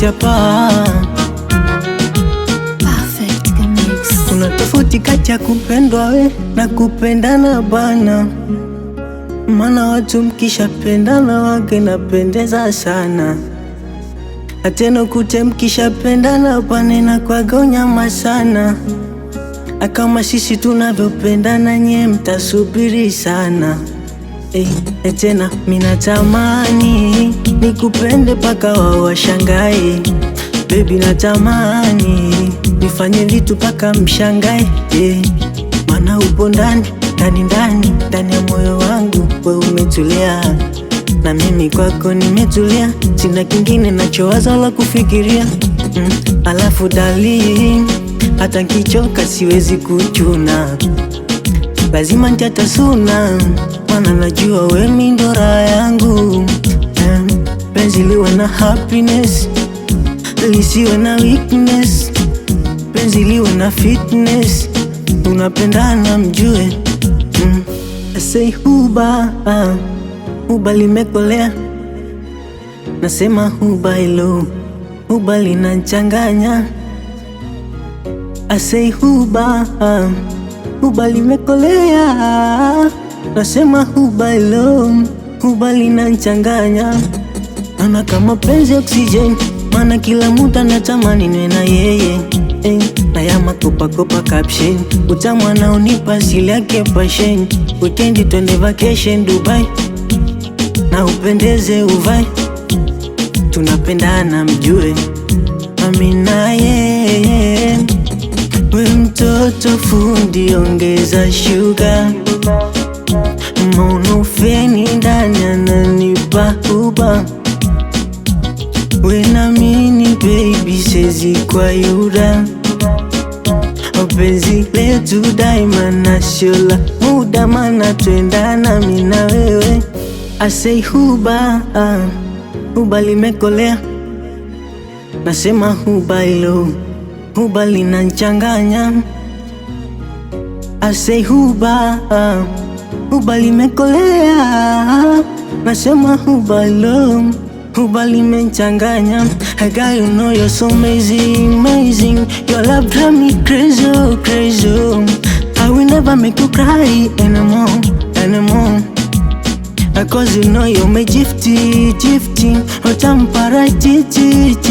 chapa. pa Kuna tofauti kati ya kupendwa we na kupendana bana, maana watu mkishapendana wake napendeza sana ateno kute mkishapendana panena kwaga nyama sana, akama sisi tunavyopendana nye mtasubiri sana. Hey, eh, etena minatamani nikupende paka wao washangae. Baby natamani nifanye vitu paka mshangae, yeah. Mana upo ndani ndani ndani ndani ya moyo wangu, we umetulia na mimi kwako nimetulia, sina kingine nachowaza wala kufikiria mm. Alafu dali hata nkichoka siwezi kuchuna, lazima ntiatasuna, mana najua we mi ndo raha yangu penzi liwe na happiness, lisiwe na weakness, penzi liwe na fitness, tunapendana mjue. Mm. Say huba ah, uh, huba limekolea, nasema huba ilo huba linachanganya. Asei huba huba, uh, huba limekolea, nasema huba ilo huba linachanganya ana kama penzi oksijeni, maana kila na natamani nwe na yeye eh, na ya makopakopa caption utamu anaonipa asili yake passion, wikendi twende vacation Dubai na upendeze uvai, tunapendana mjue amina yeye, we mtoto fundi ongeza shuga bisezi kwa Yuda, openzi letu daima na shola muda, mana twenda na mina wewe say huba ah, huba limekolea, nasema huba ilo huba linanchanganya, say huba ah, huba limekolea, nasema huba ilo huba limenchanganya Hey girl, you know you're so amazing, amazing. Your love drive me crazy, oh, crazy. Oh. I will never make you cry anymore, anymore. Because you know you're my gifty, gifty. Oh, temporary, gifty,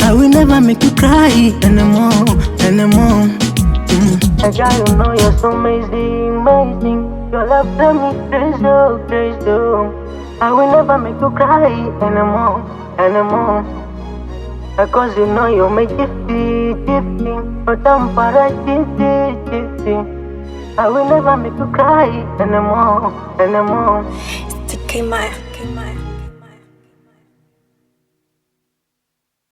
I will never make you cry anymore, anymore. Mm. I you know you're so amazing, amazing. Your love drives me crazy, oh, crazy. Oh. I will never make you cry anymore, anymore. Because you know you make feel gifty, but I'm para gifty, gifty. I will never make you cry anymore, anymore. It's okay, my, okay, my.